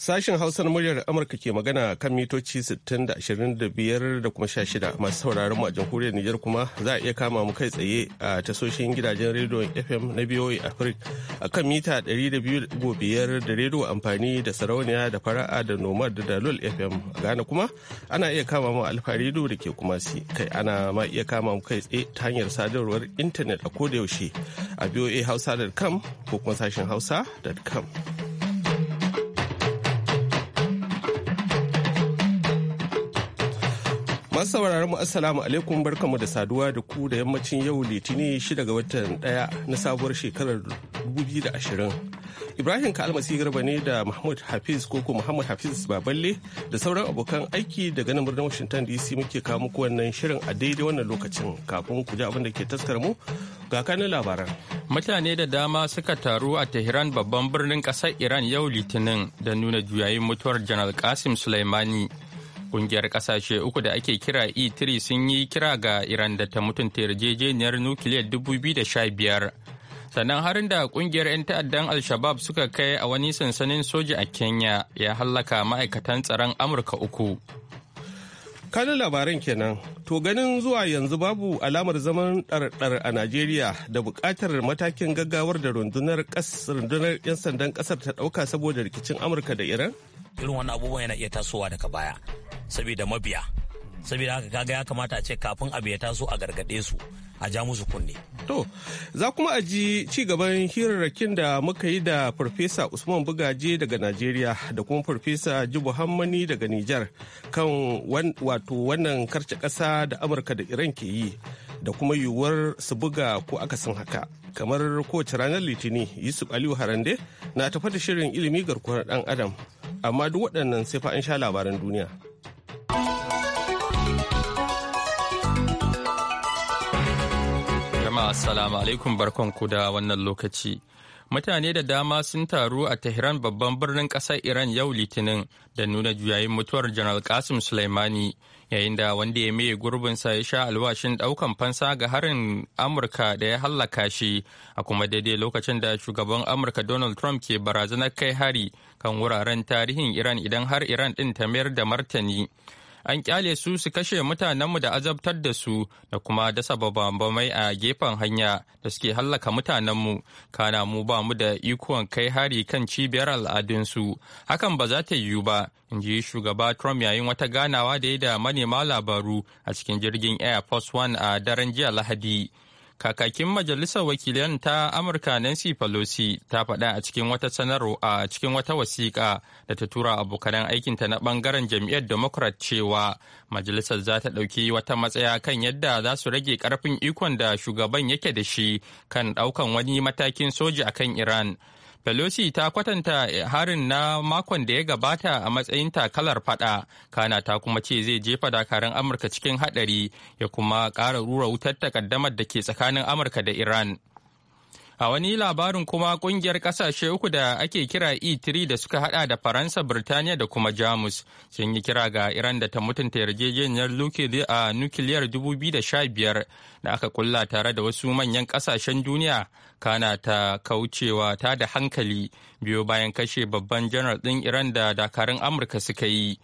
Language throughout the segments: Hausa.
Sashen Hausar muryar Amurka ke magana kan mitoci 60 da 25 da kuma 16 masu sauraron mu a jamhuriyar Nijar kuma za a iya kama mu kai tsaye a tasoshin gidajen rediyon FM na BOA Africa a kan mita 200.5 da rediyo amfani da sarauniya da fara'a da nomad da dalol FM a Ghana kuma ana iya kama mu alfa rediyo da ke kuma si kai ana ma iya kama mu kai tsaye ta hanyar sadarwar intanet a koda yaushe a boahausa.com ko kuma sashen hausa.com. Masu sauraron mu assalamu alaikum barkamu da saduwa da ku da yammacin yau litinin shida ga watan daya na sabuwar shekarar 2020. Ibrahim Kalmasi Garba ne da Mahmud Hafiz koko Muhammad Hafiz Baballe da sauran abokan aiki daga nan birnin Washington DC muke kawo muku wannan shirin a daidai wannan lokacin kafin ku ji abin da ke taskar mu ga kanin labaran. Mutane da dama suka taru a Tehran babban birnin kasar Iran yau litinin da nuna juyayin mutuwar Janar Qasim Soleimani. Kungiyar kasashe uku da ake kira E3 sun yi kira ga Iran da ta mutunta yarjejeniyar nukiliyar 2015. Sannan harin da kungiyar 'yan ta'addan Al-Shabab suka kai a wani sansanin soja a Kenya ya hallaka ma'aikatan tsaron Amurka uku. kanin labaran kenan to ganin zuwa yanzu babu alamar zaman ɗarɗar a najeriya da buƙatar matakin gaggawar da rundunar 'yan sandan ƙasar ta ɗauka saboda rikicin amurka da iran irin wannan abubuwan yana iya tasowa daga baya saboda mabiya saboda haka kaga ya kamata a ce kafin abu ya taso a gargaɗe su a ja musu kunne. To, za kuma a ji ci gaban hirarrakin da muka yi da Farfesa Usman Bugaje daga Najeriya da kuma Farfesa Jibu Hammani daga Nijar kan wato wannan karce kasa da Amurka da Iran ke yi da kuma yiwuwar su buga ko akasin haka. Kamar kowace ranar Litini, Yusuf Aliyu Harande na tafa shirin ilimi garkuwar ɗan Adam. amma duk waɗannan sai fa an sha labaran duniya. Jama'a assalamu alaikum ku da wannan lokaci. Mutane da dama sun taru a Tehran babban birnin ƙasar Iran yau Litinin da nuna juyayin mutuwar Janar Qasim sulaimani. yayin da wanda ya maye gurbinsa ya sha alwashin daukan fansa ga harin amurka da ya hallaka shi a kuma daidai lokacin da shugaban amurka donald trump ke barazanar kai hari kan wuraren tarihin iran idan har iran din ta mayar da martani an kyale su su kashe mutanenmu da azabtar da su da kuma dasa babamai a gefen hanya da suke hallaka mutanenmu kana mu ba mu da ikon kai hari kan cibiyar al'adunsu hakan ba za ta yiwu ba in ji shugaba trump yayin wata ganawa da ya da manema labaru a cikin jirgin air force one a daren jiya lahadi kakakin majalisar wakilan ta amurka nancy pelosi ta faɗa a cikin wata sanarwa a cikin wata wasiƙa da ta tura abokanan aikinta na ɓangaren jam'iyyar democrat cewa majalisar za ta ɗauki wata matsaya kan yadda za su rage ƙarfin ikon da shugaban yake da shi kan ɗaukan wani matakin soji akan iran Pelosi ta kwatanta eh, harin na makon da ya gabata a matsayin takalar fada, kana ta kuma ce zai jefa dakarun Amurka cikin hadari ya kuma ƙara rura wutar takaddamar da ke tsakanin Amurka da Iran. A wani labarin kuma kungiyar kasashe uku da ake kira E3 da suka hada da Faransa, Birtaniya da kuma Jamus sun yi kira ga Iran da ta mutunta yarjejeniyar a nukiliyar 2015 da aka kulla tare da wasu manyan kasashen duniya kana ta kaucewa ta da hankali biyo bayan kashe babban janar ɗin Iran da dakarun Amurka suka yi.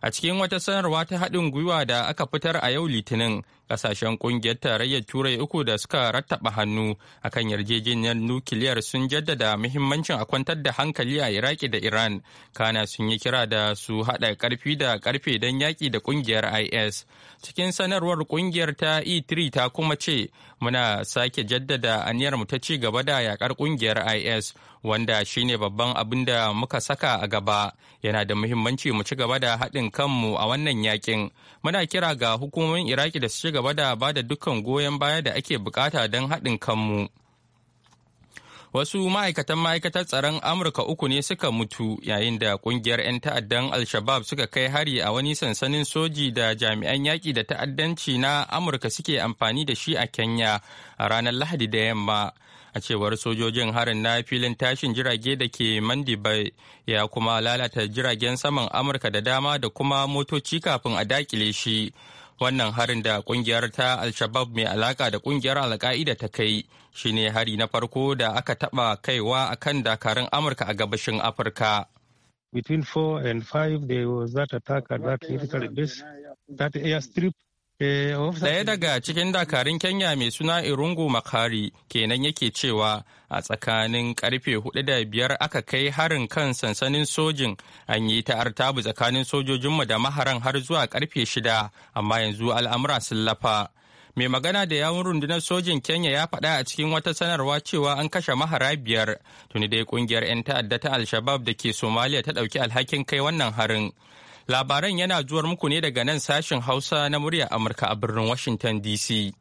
A cikin wata sanarwa ta haɗin gwiwa da aka fitar a yau Litinin, Kasashen kungiyar tarayyar Turai uku da suka rattaba hannu akan yarjejeniyar nukiliyar sun jaddada muhimmancin a kwantar da hankali a Iraki da Iran. Kana sun yi kira da su haɗa ƙarfi da karfe don yaƙi da kungiyar IS. Cikin sanarwar kungiyar ta E3 ta kuma ce muna sake jaddada aniyar mu ta ci gaba da yakar kungiyar IS wanda shine babban abin da muka saka a gaba yana da muhimmanci mu ci gaba da haɗin kanmu a wannan yakin muna kira ga hukumomin Iraki da su gaba da ba da dukkan goyon baya da ake bukata don haɗin kanmu. Wasu ma'aikatan ma'aikatar tsaron Amurka uku ne suka mutu yayin da kungiyar 'yan ta'addan Al-Shabab suka kai hari a wani sansanin soji da jami'an yaƙi da ta'addanci na Amurka suke amfani da shi a Kenya a ranar Lahadi da yamma. A cewar sojojin harin na filin tashin jirage da ke Mandibai ya kuma lalata jiragen saman Amurka da dama da kuma motoci kafin a dakile shi. wannan harin da kungiyar ta al-shabab mai alaka da kungiyar al-qaida ta kai shine hari na farko da aka taba kaiwa a kan dakarun amurka a gabashin afirka between 4 and 5 there was that attack at that military base that airstrip Daya eh, daga cikin dakarun Kenya mai suna Irungu Makari kenan yake cewa a tsakanin karfe hudu da biyar aka kai harin kan sansanin sojin an yi ta artabu tsakanin sojojinmu da maharan har zuwa karfe shida amma yanzu al'amura sun lafa. Mai magana da yawun rundunar sojin Kenya ya faɗa a cikin wata sanarwa cewa an kashe mahara biyar tuni dai kungiyar 'yan ta'adda ta Al-Shabab da ke Somalia ta ɗauki alhakin kai wannan harin. Labaran yana zuwar muku ne daga nan sashin Hausa na muryar Amurka a birnin Washington DC.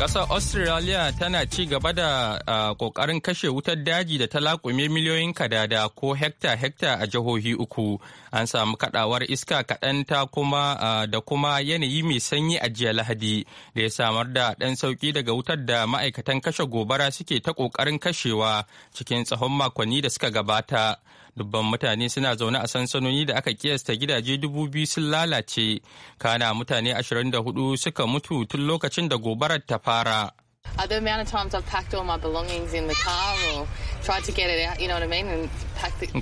Ƙasar Australia tana ci gaba da kokarin kashe wutar daji da ta laƙume miliyoyin kadada ko hekta-hekta a jihohi uku. An samu kadawar iska kaɗan ta kuma da kuma yanayi mai sanyi a jiya Lahadi da ya samar da ɗan sauƙi daga wutar da ma'aikatan kashe gobara suke ta ƙoƙarin kashewa cikin tsawon makonni da suka gabata. dubban mutane suna zaune a sansanoni da aka kiyasta gidaje dubu biyu sun lalace kana mutane ashirin da hudu suka mutu tun lokacin da gobarar ta fara Uh, the amount of times I've packed all my belongings in the car or tried to get it out, you know what I mean? And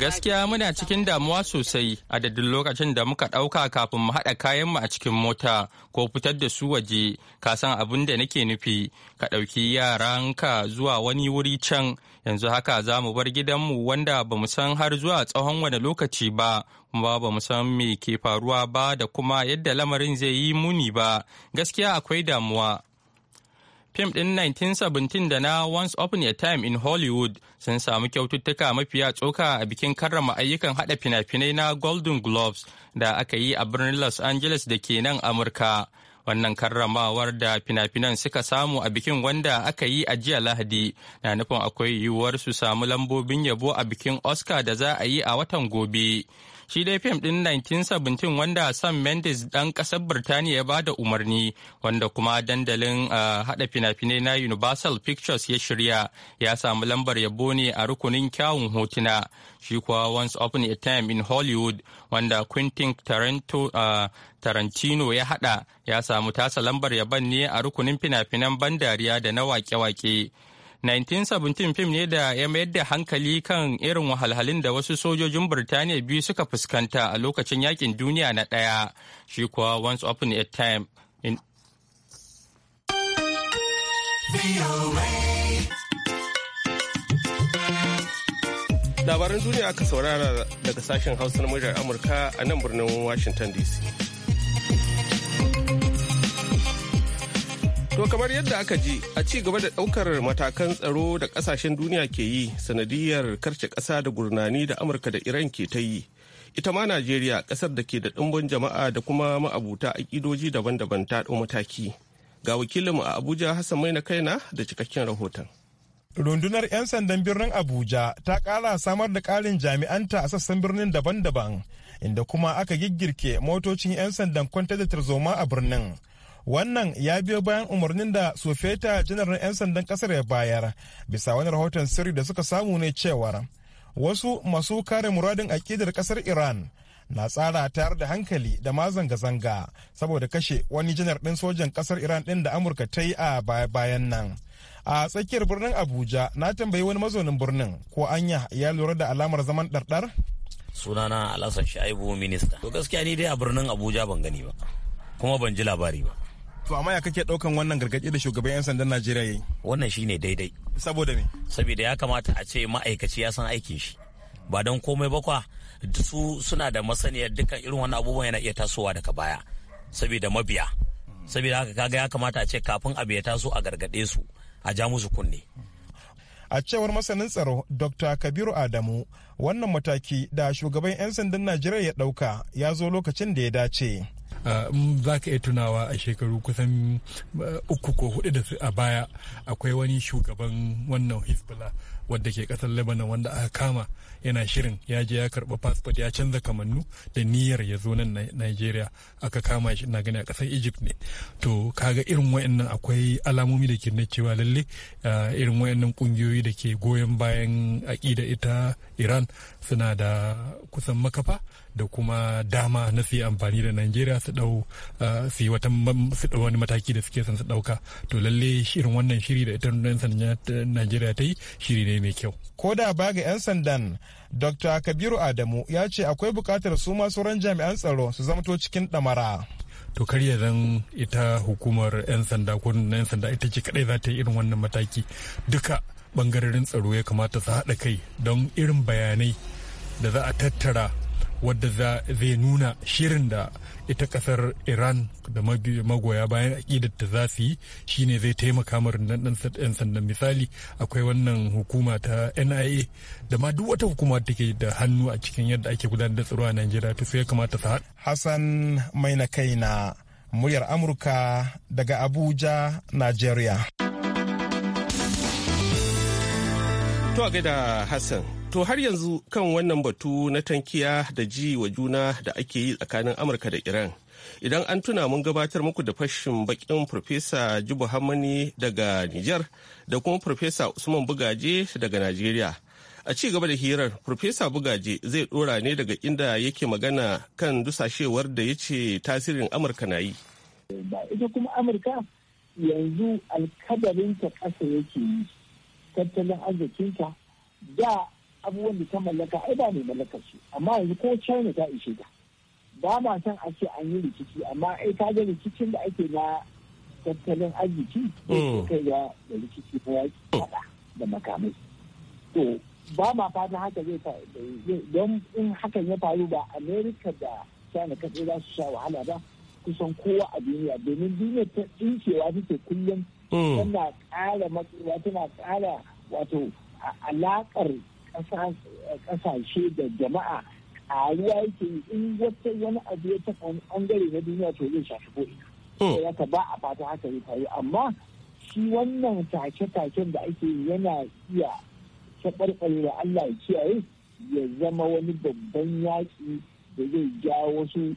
Gaskiya muna cikin damuwa sosai adadin lokacin da muka ɗauka kafin mu haɗa kayan mu a cikin mota ko fitar da su waje ka san abin da nake nufi ka ɗauki yaranka zuwa wani wuri can yanzu haka za mu bar gidanmu wanda ba mu san har zuwa tsawon wani lokaci ba kuma ba mu san me ke faruwa ba da kuma yadda lamarin zai yi muni ba gaskiya akwai damuwa fim ɗin 1917 da na Once Upon a Time in Hollywood sun samu kyaututtuka mafiya tsoka a bikin karrama ayyukan haɗa fina-finai na Golden Globes da aka yi a birnin Los Angeles da ke nan Amurka. wannan karramawar da fina-finan suka samu a bikin wanda aka yi a jiya lahadi na nufin akwai yiwuwar su samu lambobin yabo a bikin oscar da za a yi a watan gobe Shi dai fim ɗin 1917 wanda Sam Mendes ɗan ƙasar Birtaniya ya bada umarni wanda kuma dandalin ah, haɗa fina-finai na Universal Pictures ya shirya ya samu lambar yabo ne a rukunin kyawun hotuna. Shi kuwa Once Upon a Time in Hollywood wanda Quentin Tarantino ah, ya haɗa ya samu tasa lambar yaban ne a rukunin fina-finan ban dariya da na wake-wake. 1917 fim ne da ya mayar da hankali kan irin wahalhalun da wasu sojojin Birtaniya biyu suka fuskanta a lokacin yakin duniya na ɗaya, shi kuwa Once Upon a Time. In... Labaran duniya aka saurara daga sashen Hausa na muryar Amurka a nan birnin Washington DC. To kamar yadda aka ji a ci gaba da ɗaukar matakan tsaro da ƙasashen duniya ke yi sanadiyar karce ƙasa da gurnani da Amurka da Iran ke ta yi. Ita ma Najeriya ƙasar da ke da ɗumbin jama'a da kuma ma'abuta aƙidoji daban-daban ta ɗau mataki. Ga wakilinmu a Abuja Hassan Maina Kaina da cikakken rahoton. rundunar 'yan sandan birnin abuja ta kara samar da karin jami'anta a sassan birnin daban-daban inda kuma aka giggirke motocin 'yan sandan kwantar da tarzoma a birnin wannan ya biyo bayan umarnin da sofeta janar 'yan sandan kasar ya bayar bisa wani rahoton sirri da suka samu ne cewar wasu masu kare muradin akidar kasar iran na tsara tayar da hankali da ma zanga-zanga saboda kashe wani janar din sojan kasar iran din da amurka ta yi a bayan nan a tsakiyar birnin abuja na tambayi wani mazaunin birnin ko anya ya lura da alamar zaman ɗarɗar sunana alhassan shaibu minista to gaskiya ni dai a birnin abuja ban gani ba kuma ban ji labari ba To amma ya kake daukan wannan gargaɗi da shugaban 'yan sandan Najeriya yayi? Wannan shine daidai. Saboda me? Saboda ya kamata a ce ma'aikaci ya san aikin shi. Ba don komai ba kwa su suna da masaniyar dukkan irin wani abubuwan yana iya tasowa daga baya. Saboda mabiya. Saboda haka kaga ya kamata a ce kafin abu ya taso a gargaɗe su a ja musu kunne. a cewar masanin tsaro dr kabiru adamu wannan mataki da shugaban 'yan sandan najeriya ya ɗauka ya zo lokacin da ya dace Uh, za ka iya tunawa a shekaru kusan uh, uku ko hudu da a baya akwai wani shugaban wannan hezbollah wadda ke kasar lebanon wanda aka kama yana shirin ya je ya karba passport ya canza kamannu da niyyar ya zo nan nigeria aka kama shi na gani a kasar egypt ne to kaga irin wayannan akwai alamomi da ke cewa lalle uh, irin wayannan kungiyoyi da ke goyon bayan aƙida ita iran suna da kusan makafa da kuma dama na su amfani da Najeriya su dau uh, su yi wata wani mataki da suke son su dauka to lalle shirin wannan shiri da ita rundunar Najeriya ta yi shiri ne mai kyau ko da ba ga yan sandan Dr. Kabiru Adamu ya ce akwai bukatar su ma sauran jami'an tsaro su zamto cikin damara to karya zan ita hukumar 'yan sanda ko na 'yan sanda ita ce kadai za ta yi irin wannan mataki duka bangarorin tsaro ya kamata su haɗa kai don irin bayanai da za a tattara wadda zai nuna shirin da ita kasar iran da magoya bayan aƙidar ta za su yi shine zai taimaka ma ɗan 'yan sandan misali akwai wannan hukuma ta nia da ma duk wata hukuma da ke da hannu a cikin yadda ake gudanar da tsaro a nigeria to sai ya kamata su hassan mai na kai na muryar amurka daga abuja najeriya to a gaida hassan To har yanzu kan wannan batu na tankiya da ji wa juna da ake yi tsakanin Amurka da Iran. Idan an tuna mun gabatar muku da fashin bakin Farfesa Jibu Hamani daga Nijar da kuma Farfesa Usman Bugaje daga Najeriya. A ci gaba da hirar, Farfesa Bugaje zai dora ne daga inda yake magana kan dusashewar da ya ce tasirin Amurka na yi. Ba ita kuma Amurka yanzu alkadarinta ƙasa yake yi, tattalin arzikinta da abubuwan da ta mallaka ai ba mai mallakar su amma yanzu ko china ta ishe ta ba ma san a ce an yi rikici amma ai ta ga rikicin da ake na tattalin arziki mm. ko kai da rikici na yaki mm. fada da makamai to ba ma fata haka zai don in hakan ya faru ba america da china ka za su sha wahala ba kusan kowa a duniya domin duniya ta tsinkewa take kullum mm. tana ƙara matsuwa tana ƙara wato alaƙar kasashe da jama'a a yake in wata wani abu ya taɓa wani ɓangare na duniya to zai shafi ko ina. Hmm. Sai ba a fata haka ya faru amma shi wannan take-taken da ake yana iya da Allah ya kiyaye ya zama wani babban yaƙi da zai ja wasu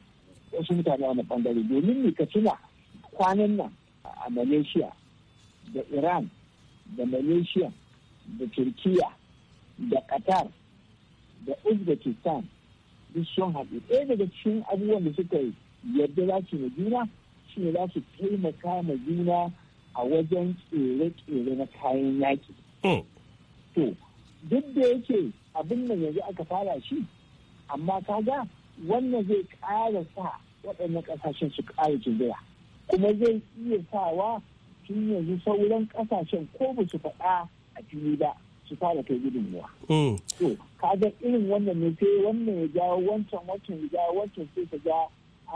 wasu mutane wani ɓangare domin ne ka tuna kwanan nan a Malaysia da Iran da Malaysia da turkiyya. da qatar da uzbekistan duk sun haɗu ɗaya daga cikin abubuwan da suka yarda za su juna shi ne za su taimaka ma juna a wajen tsere-tsere na kayan yaƙi. Hmm. to duk da yake abin nan yanzu aka fara shi amma kaga wannan zai ƙara sa waɗannan ƙasashen su ƙara jindira kuma zai iya sawa tun yanzu sauran ƙasashen ko ba su faɗa a fili ba su fara kai gudunmuwa. Mm. To, kaga irin wannan ne sai wannan ya ja wancan wancan ya ja wancan sai ka ja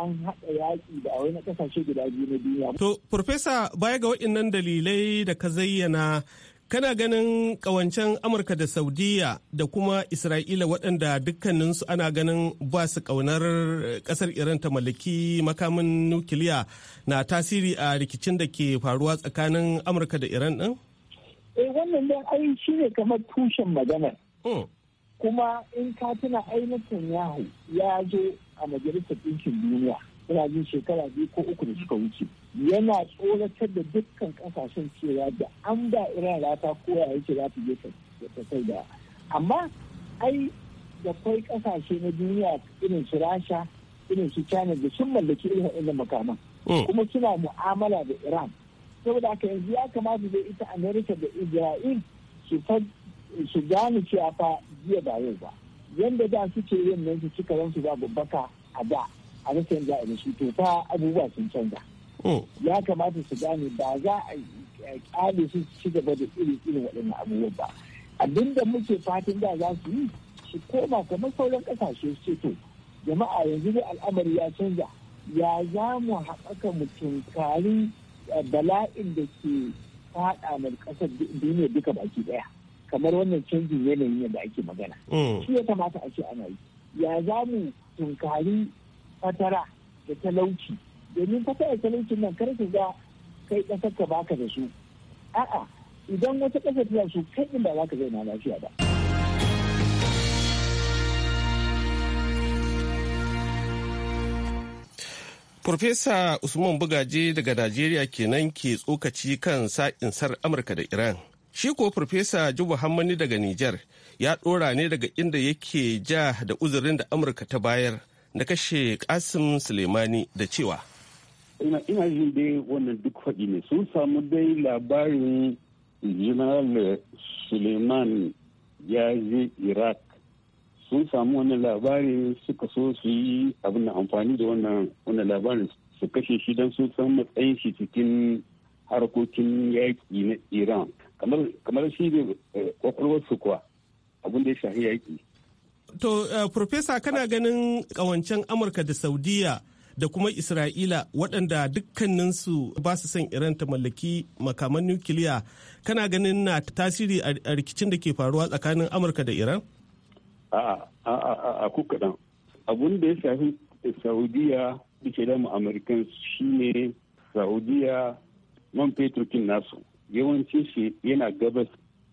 an haɗa yaƙi da wani ƙasashe guda biyu na duniya. To, Farfesa, baya ga waɗannan dalilai da ka zayyana Kana ganin kawancen Amurka da Saudiya da kuma Isra'ila waɗanda dukkaninsu ana ganin ba su ƙaunar eh, ƙasar Iran ta mallaki makamin nukiliya na tasiri a rikicin da ke faruwa tsakanin Amurka da Iran ɗin? eh wannan dan ai shi ne kamar tushen maganar oh. kuma in ka tuna ainihin yahu ya zo a majalisar ɗinkin duniya ina jin shekara biyu ko uku da suka wuce yana tsoratar da dukkan ƙasashen cewa da an ba iran rata ko ya yake za ta je ta kai da amma ai da kwai kasashe na duniya irin su rasha irin su china da sun mallaki irin waɗannan makaman oh. kuma suna mu'amala da iran saboda haka yanzu ya kamata da ita america da isra'il su gane cewa fa jiya ba yau ba yadda da suke yin nan su cika ransu ba babbaka a da a rasa yanzu a su to fa abubuwa sun canza hmm. ya kamata su gane ba za a kyale su ci gaba da irin irin waɗannan abubuwa ba abinda muke fatan da za su yi su koma kamar sauran ƙasashe su to jama'a yanzu da al'amari ya canza ya za mu haɓaka mu tunkari bala'in da ke faɗa mai ƙasar duniya duka baki ɗaya kamar wannan canjin yanayin yadda ake magana mm. shi ya kamata a ce ana yi ya za mu tunkari fatara da talauci domin fatara talaucin nan kar ka ga kai ƙasar ka baka da su a'a idan wata ƙasar ta so, kai ba za ka zai na lafiya ba Profesa Usman Bugaje daga Najeriya kenan ke tsokaci kan sa'insar Amurka da Iran. Shi ko profesa Jibu Hammani daga Nijar ya ɗora ne daga inda yake ja da uzurin da Amurka ta bayar na kashe Kasim Suleimani da cewa. Ina jin dai wannan duk faɗi ne sun samu dai labarin General Suleiman ya je Iraq sun samu wannan labarin suka so su yi abin amfani da wannan labarin su kashe shi don sun san matsayin shi cikin harkokin yaƙi na iran kamar shi ne kwakwalwarsu eh, kuwa abin da ya shahi yaƙi to eh, profesa kana ganin ƙawancen amurka da saudiya da kuma isra'ila waɗanda dukkaninsu ba su son iran ta mallaki makaman nukiliya kana ganin na tasiri a rikicin da ke faruwa tsakanin amurka da iran a a kukaɗan abun da ya shafi saudiya da ke damu amurkan ne saudiya man feturkin nasu yawancin shi yana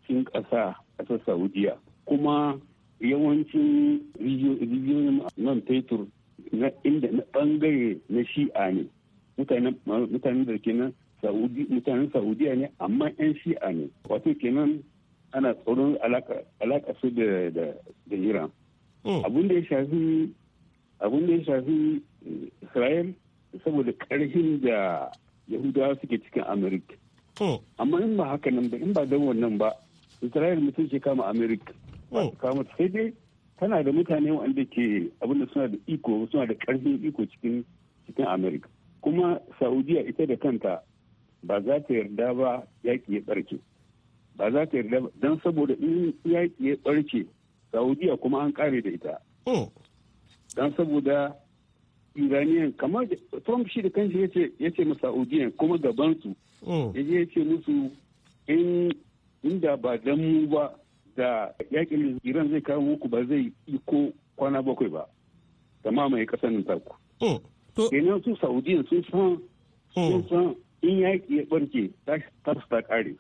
cin ƙasa ƙasar saudiya kuma yawancin rijiyoyin man fetur na inda na bangare na shi'a ne mutanen da nan mutanen saudiya ne amma 'yan shi'a ne wato kenan ana tsoron alaka su da iran hmm. abin da ya shafi eh, israel saboda karhin da yahudawa suke cikin amerika hmm. amma in ba haka nan ba in ba don wannan ba israel mutum ke kama amerika hmm. kama sai dai tana da mutane wanda ke abin da suna da iko suna da karfin iko cikin cikin amerika kuma saudiya ita da kanta ba za ta yarda ba yaƙi ya ɓarke ba za ta yarda don saboda in yaƙi ya ɓarke saudiya kuma an ƙare da ita oh. don saboda iraniyan kamar trump shi da kanshi ya ce ma saudiyan kuma gabansu oh. ya je ya ce musu in inda ba dan mu ba da yakin iran zai kawo muku ba zai iko kwana bakwai ba da mamaye kasar nan taku oh. kenan su saudiyan sun san in yaƙi ya ɓarke ta ta ƙare.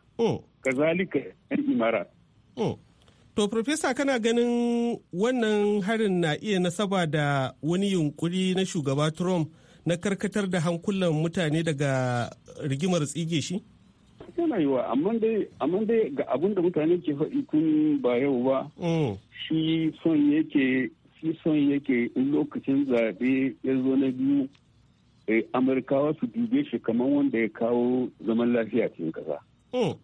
kazalika yan imara. Oh. To, Profesa, kana ganin wannan harin na iya nasaba da wani yunkuri na shugaba Trump na karkatar da hankulan mutane daga rigimar tsige shi? Yana wa amma dai ga abin da mutane ke faɗi kun ba yau ba, oh. shi son yake shi son yake in lokacin zabe ya zo na biyu eh, amurkawa su dube shi kamar wanda ya kawo zaman lafiya cikin ƙasa. Oh.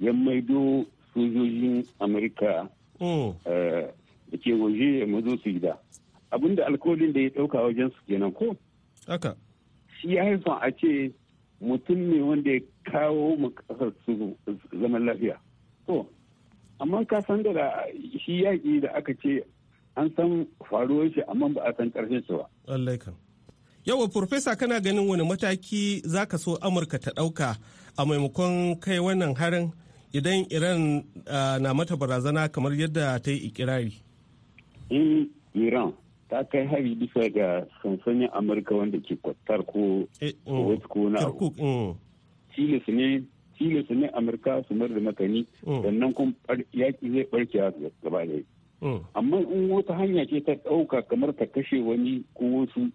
ya maido sojojin amurka da oh. eh, ke waje ya mazo su gida abinda alkolin da ya ɗauka wajen su kenan ko shi ya haifa a ce mutum ne wanda ya kawo mu kasar su zaman lafiya to amma ka san da shi yaƙi da aka ce an san faruwar shi amma ba a san ƙarshen shi ba yawa Profesa kana ganin wani mataki za ka so Amurka ta ɗauka a maimakon kai wannan harin idan iran ah, na mata barazana kamar yadda ta yi ikirari in iran ta kai hari bisa ga sansanin amurka wanda ke kwatar eh, mm, ko wasu ko na mm. tilis ne tilis ne amurka su mar da makani mm. sannan kuma yaki zai barke gaba da amma in wata hanya ce ta ɗauka kamar ta kashe wani ko wasu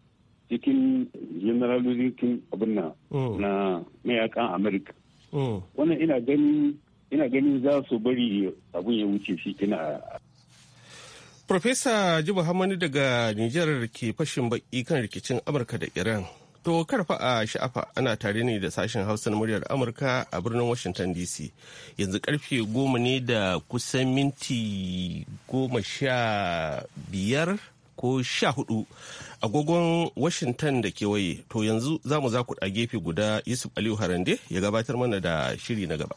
cikin generalizikin abin na mayakan amurka wannan ina ganin ina ganin za su bari abun ya wuce shi ina Profesa Jibu Hamani daga Nijar ke fashin baki kan rikicin Amurka da Iran. To karfa a sha'afa ana tare ne da sashen Hausa na muryar Amurka a birnin Washington DC. Yanzu karfe goma ne da kusan minti goma sha biyar ko sha hudu agogon Washington da kewaye. To yanzu za mu za ku a gefe guda Yusuf Aliyu Harande ya gabatar mana da shiri na gaba.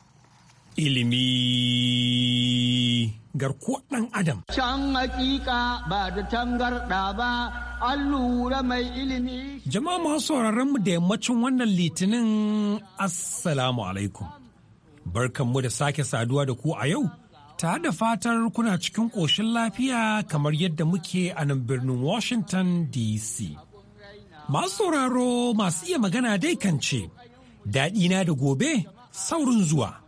ilimi garkuwar ɗan adam. Can hakika ba da tangarɗa ba, an lura mai ilimi. Jama'a masu sauraron mu da yammacin wannan litinin Assalamu alaikum. Barkanmu da sake saduwa da ku a yau, ta da fatar kuna cikin ƙoshin lafiya kamar yadda muke a nan birnin Washington DC. Masu sauraro masu iya magana dai kan ce, daɗina da gobe saurin zuwa.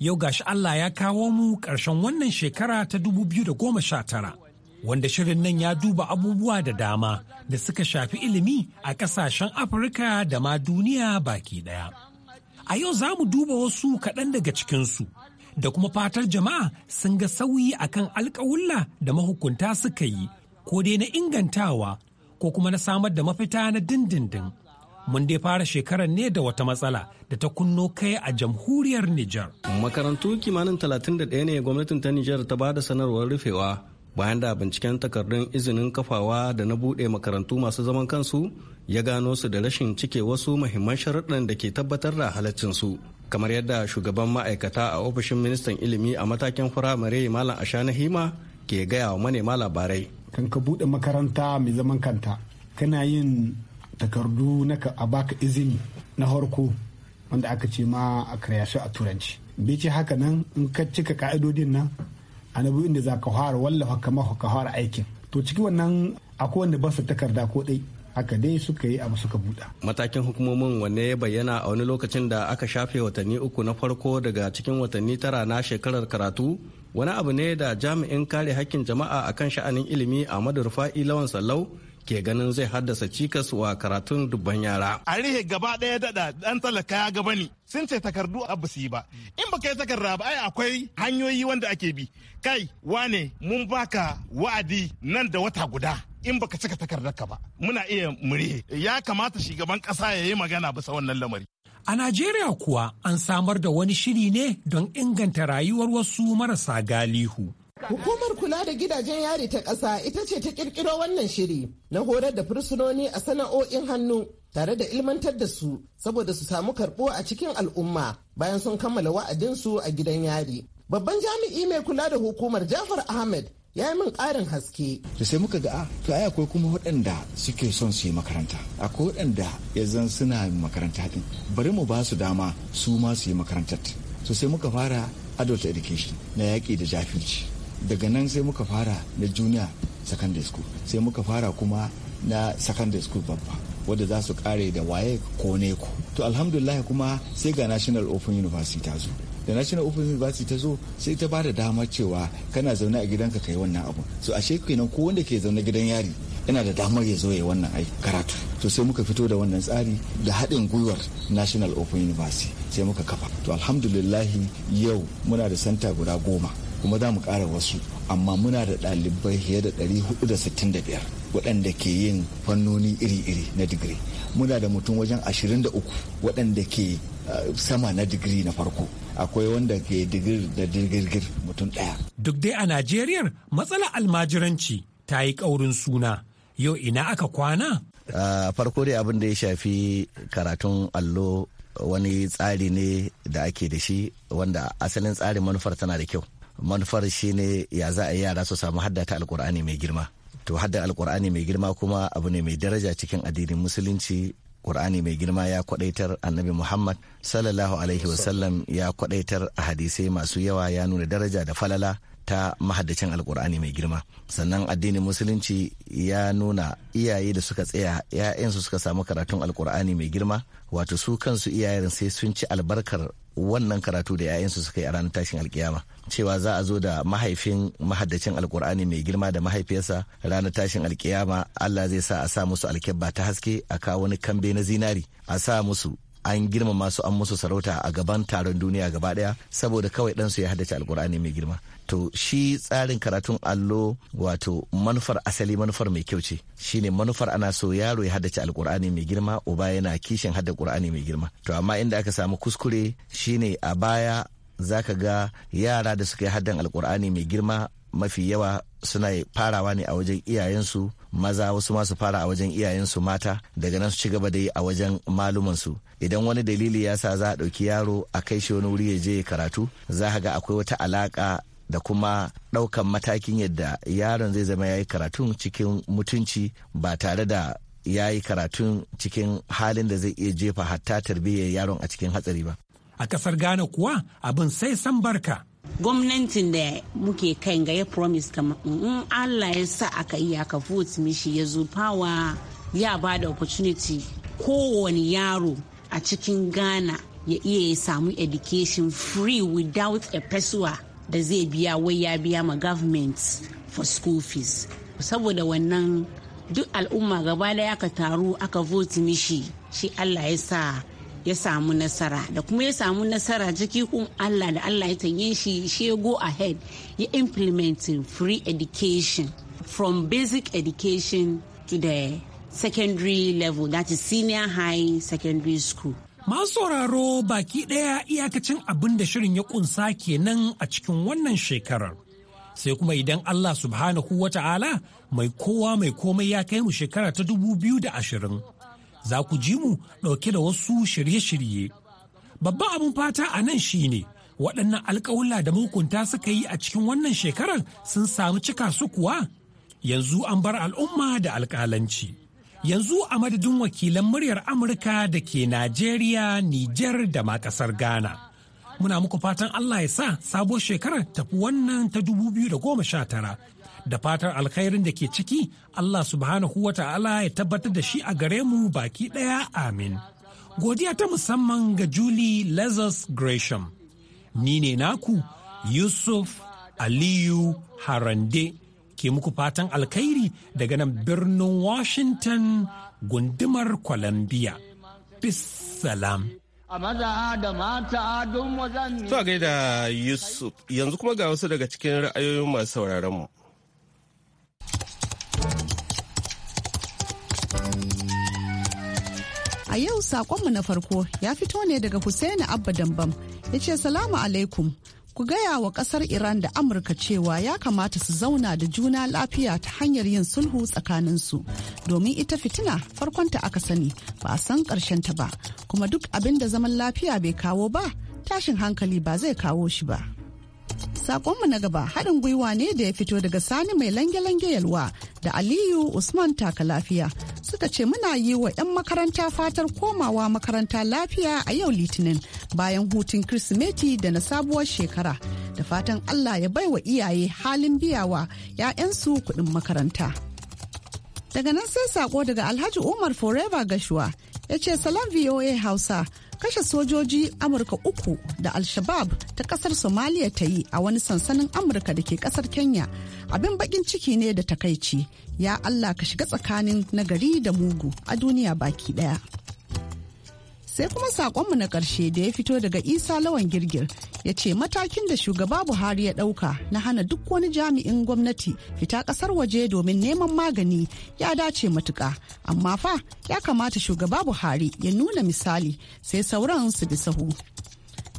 yau ga shi Allah ya kawo mu ƙarshen wannan shekara ta dubu biyu da goma sha tara, wanda shirin nan ya duba abubuwa da dama da suka shafi ilimi a ƙasashen Afirka da ma duniya baki ɗaya. A yau za mu duba wasu kaɗan daga cikinsu da kuma fatar jama'a sun ga sauyi akan alƙawulla da mahukunta suka yi ko dai na ingantawa ko kuma na samar da mafita na dindindin. mun dai fara shekarar ne da wata matsala da ta kunno kai a jamhuriyar Nijar. Makarantu kimanin 31 ne gwamnatin ta Nijar ta bada sanarwar rufewa bayan da binciken takardun izinin kafawa da na buɗe makarantu masu zaman kansu ya gano su da rashin cike wasu muhimman sharuɗan da ke tabbatar da halaccinsu. Kamar yadda shugaban ma'aikata a ofishin ministan ilimi a matakin firamare Malam Ashana Hima ke gaya wa manema labarai. Kan ka buɗe makaranta mai zaman kanta kana yin takardu na ka a baka izini na harko wanda aka ce ma a karya shi a turanci ce haka nan in ka cika ka'idodin nan a na inda za ka fara wallafa kamar ka fara aikin to ciki wannan akwai wanda ba su takarda ko dai haka dai suka yi abu suka buɗa. Matakin hukumomin wanne ya bayyana a wani lokacin da aka shafe watanni uku na farko daga cikin watanni tara na shekarar karatu wani abu ne da jami'in kare hakkin jama'a akan sha'anin ilimi a Rufa'i Lawan Sallau ke ganin zai haddasa cikas wa karatun dubban yara. A rihe gaba ɗaya daɗa ɗan talaka ya gaba ne sun ce takardu a su ba. In baka yi takarda ba ai akwai hanyoyi wanda ake bi. Kai wane mun baka wa'adi nan da wata guda. in baka cika takardar ka ba muna iya mure ya kamata shugaban ƙasa ya yi magana bisa wannan lamari a najeriya kuwa an samar da wani shiri ne don inganta rayuwar wasu marasa galihu Hukumar kula da gidajen yari ta ƙasa ita ce ta ƙirƙiro wannan shiri na horar da fursunoni a sana'o'in hannu tare da ilmantar da su saboda su samu karɓo a cikin al'umma bayan sun kammala wa'adinsu a gidan yari. Babban jami'i mai kula da hukumar Jafar Ahmed ya yi min ƙarin haske. To sai muka ga ah, to ai akwai kuma waɗanda suke son su yi makaranta. Akwai waɗanda ya zan suna makaranta din. Bari mu ba su dama su ma su yi makarantar. To sai muka fara adult education na yaƙi da jafirci. daga nan sai muka fara na junior secondary school sai muka fara kuma na secondary school babba wadda za su kare da waye ko neko to alhamdulillah kuma sai ga national open university ta zo da national open university ta zo sai ta ba da damar cewa kana zaune a gidanka kai wannan abu so ashe kenan ko wanda ke zaune gidan yari yana da damar ya zo ya wannan ai karatu to sai muka fito da wannan tsari da haɗin gwiwar national open university sai muka kafa to alhamdulillahi yau muna da santa guda goma kuma za mu ƙara wasu amma muna da ɗalibai fiye da 465 waɗanda ke yin fannoni iri-iri na digiri muna da mutum wajen 23 waɗanda ke uh, sama na digiri na farko akwai wanda ke digir da digirgir mutum ɗaya. duk dai a najeriya matsalar almajiranci ta yi ƙaurin suna yau ina aka kwana farko dai abin da ya shafi karatun allo wani tsari ne da ake da shi wanda asalin tsarin manufar tana da kyau manufar shi ne ya za a yi yara su samu hadda ta alkur'ani mai girma to hadda alkur'ani mai girma kuma abu ne mai daraja cikin addinin musulunci Qur'ani mai girma ya kwadaitar annabi Muhammad sallallahu alaihi wasallam ya kwadaitar a hadisai masu yawa ya nuna daraja da falala ta mahaddacin alkur'ani mai girma sannan addinin musulunci ya nuna iyaye da suka tsaya ‘ya'yansu suka samu karatun alkur'ani mai girma wato su kansu iyayen sai sun ci albarkar wannan karatu da 'ya'yansu suka yi a ranar tashin alkiyama cewa za a zo da mahaifin mahaddacin alkur'ani mai girma da mahaifiyarsa ranar tashin alkiyama allah zai sa a sa musu alkyabba ta haske a kawo wani kambe na zinari a sa musu an girmama su an musu sarauta a gaban taron duniya gaba daya saboda kawai ɗansu ya haddace alkur'ani mai girma to shi tsarin karatun allo wato manufar asali manufar mai kyau ce shine manufar ana so yaro ya haddace alkur'ani mai girma uba yana kishin hadda alkur'ani mai girma to amma inda aka samu kuskure shine a baya zaka ga yara da suka yi haddan alkur'ani mai girma mafi yawa suna farawa ne a wajen iyayensu maza wasu masu fara a wajen iyayensu mata daga nan su ci gaba da yi a wajen malumansu idan wani dalili ya sa za a ɗauki yaro a kai shi wani wuri ya je karatu za a ga akwai wata alaƙa da kuma ɗaukan matakin yadda yaron zai zama ya yi karatun cikin mutunci ba tare da ya yi karatun cikin halin da zai iya jefa hatta tarbiyyar yaron a cikin hatsari ba. A kasar Ghana kuwa abin sai san barka gwamnatin da muke kan ga ya promise kama mm, in allah ya sa aka yi aka vote mishi ya zo ya ba da opportunity kowane yaro a cikin ghana ya iya ya samu education free without a pesuwa da zai biya wai ya biya ma government for school fees saboda wannan duk al'umma gaba da ka taru aka vote mishi shi allah ya sa ya samu nasara da kuma ya samu nasara jiki kun Allah da Allah ya tanye shi shi ya go ahead ya implementing free education from basic education to the secondary level that is senior high secondary school Masu sauraro baki daya iyakacin abin da shirin ya kunsa kenan a cikin wannan shekarar. Sai kuma idan Allah subhanahu wa ta'ala mai kowa mai komai ya kai mu shekara ta dubu biyu da ashirin. za ku ji mu ɗauke da wasu shirye-shirye. Babban abin fata a nan shi ne, waɗannan alƙawula da mukunta suka yi a cikin wannan shekarar sun samu cika su kuwa? Yanzu an bar al'umma da alƙalanci. Yanzu a madadin wakilan muryar Amurka da ke Najeriya, Nijar da ma ƙasar Ghana. Muna muku fatan Allah ya sa sabuwar shekarar tafi wannan ta dubu biyu da goma sha tara. da fatar alkhairin da ke ciki Allah subhanahu wa ta'ala ya tabbatar da shi a gare mu baki ɗaya amin. Godiya ta musamman ga Julie Lazarus Gresham. Ni ne naku Yusuf Aliyu Harande ke muku fatan alkhairi daga nan birnin Washington gundumar Columbia. Bissalam. a maza da mata don To gaida Yusuf, yanzu kuma ga wasu daga cikin ra'ayoyin masu sauraron mu. A yau saƙonmu na farko ya fito ne daga Hussaini Abba Dambam ya ce salamu alaikum ku gaya wa ƙasar Iran da Amurka cewa ya kamata su zauna da juna lafiya ta hanyar yin sulhu tsakaninsu domin ita fitina farkonta aka sani ba a san ta ba kuma duk abin da zaman lafiya bai kawo ba tashin hankali ba zai kawo shi ba. Sakonmu na gaba haɗin gwiwa ne da ya fito daga Sani mai lange-lange yalwa da Aliyu Usman taka lafiya suka ce muna yi wa 'yan makaranta fatar komawa makaranta lafiya a yau Litinin bayan hutun Kirsimeti da na sabuwar shekara. Da fatan Allah ya bai wa iyaye halin biyawa 'ya'yansu kuɗin makaranta. Daga nan sai sako daga Alhaji Umar Forever gashua ya ce Salam VOA Hausa. kashe sojoji amurka uku da al-shabab ta kasar somaliya ta yi a wani sansanin amurka da ke kasar kenya abin bakin ciki ne da takaici ya allah ka shiga tsakanin nagari da mugu a duniya baki daya sai kuma sakonmu na karshe da ya fito daga isa lawan girgir ya ce matakin da shugaba buhari ya dauka na hana duk wani jami'in gwamnati fita kasar waje domin neman magani ya dace matuka amma fa ya kamata shugaba buhari ya nuna misali sai sauran su bi sahu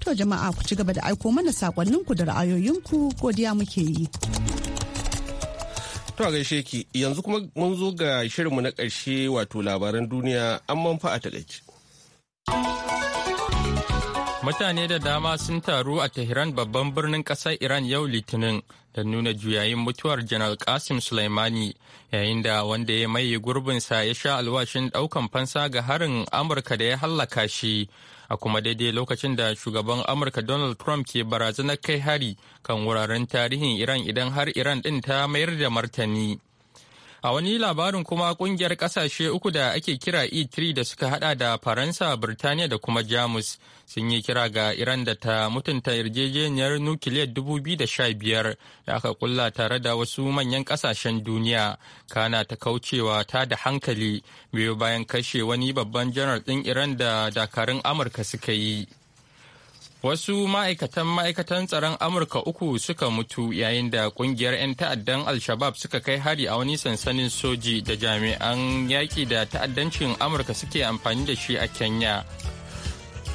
to jama'a ku ci gaba da aiko mana sakonninku da ra'ayoyinku godiya muke yi To a gaishe yanzu kuma mun zo ga shirinmu na karshe wato labaran duniya an manfa a takaice. Mutane da dama sun taru a Tehran babban birnin ƙasar Iran yau Litinin da nuna juyayin mutuwar Janar Qasim Soleimani yayin da wanda ya maye gurbinsa ya sha alwashin ɗaukan fansa ga harin Amurka da ya hallaka shi. A kuma daidai lokacin da shugaban Amurka Donald Trump ke barazanar kai hari kan wuraren tarihin Iran idan har Iran ɗin ta mayar da martani. A wani labarin kuma kungiyar kasashe uku da ake kira E3 da suka hada da Faransa, Birtaniya da kuma Jamus sun yi kira ga Iran da ta mutunta yarjejeniyar nukiliyar 2015 da aka kulla tare da wasu manyan kasashen duniya. Kana ta kaucewa ta da hankali biyu bayan kashe wani babban janar ɗin Iran da dakarun Amurka suka yi. Wasu ma'aikatan ma'aikatan tsaron Amurka uku suka mutu yayin da kungiyar 'yan ta'addan Al-Shabab suka kai hari a wani sansanin soji da jami'an yaƙi da ta'addancin Amurka suke amfani da shi a Kenya.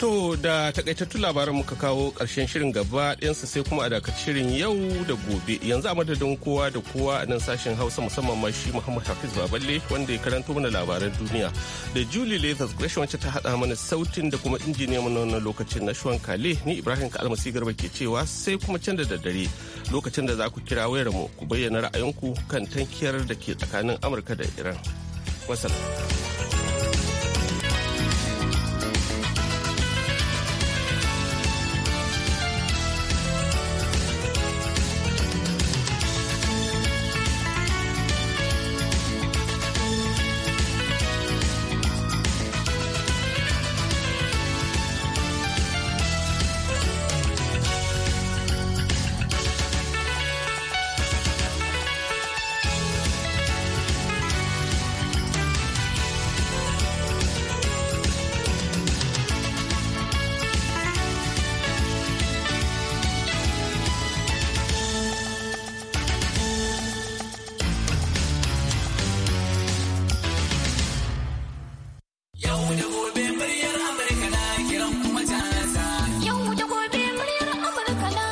To da takaitattun labaran muka kawo ƙarshen shirin gaba ɗinsa sai kuma a dakar shirin yau da gobe yanzu a madadin kowa da kowa a nan sashen hausa musamman ma shi Muhammad Hafiz Baballe wanda ya karanto mana labaran duniya da Julie Lathas Gresham wacce ta haɗa mana sautin da kuma injiniya mana wannan lokacin na Shuan Kale ni Ibrahim Kalmasi Garba ke cewa sai kuma can da daddare lokacin da za ku kira wayar mu ku bayyana ra'ayinku kan tankiyar da ke tsakanin Amurka da Iran. Wasalam.